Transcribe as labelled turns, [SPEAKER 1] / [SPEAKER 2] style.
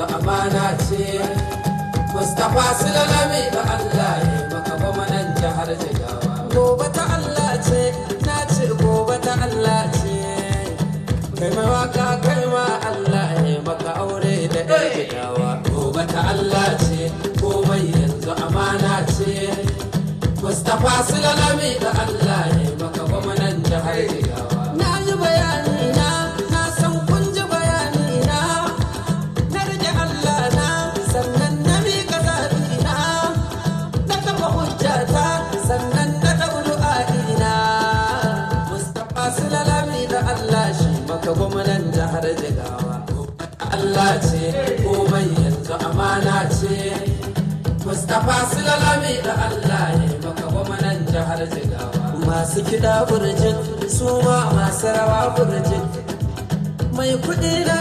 [SPEAKER 1] ga amana ce Mustapha Sulalami da Allah ya maka goma nan jihar Jigawa. Gobe ta Allah ce, na ce gobe ta Allah ce. Kai mai waka kai ma Allah ya maka aure da ɗan Jigawa. Gobe ta Allah ce, komai yanzu amana ce. Mustapha Sulalami da Allah kuma nan jihar jigawa Allah ce komai yanzu amana ce Mustapha Sulalami da Allah ya maka gwamnan jihar jigawa masu kiɗa burjin su ma masu rawa burjin mai kuɗi da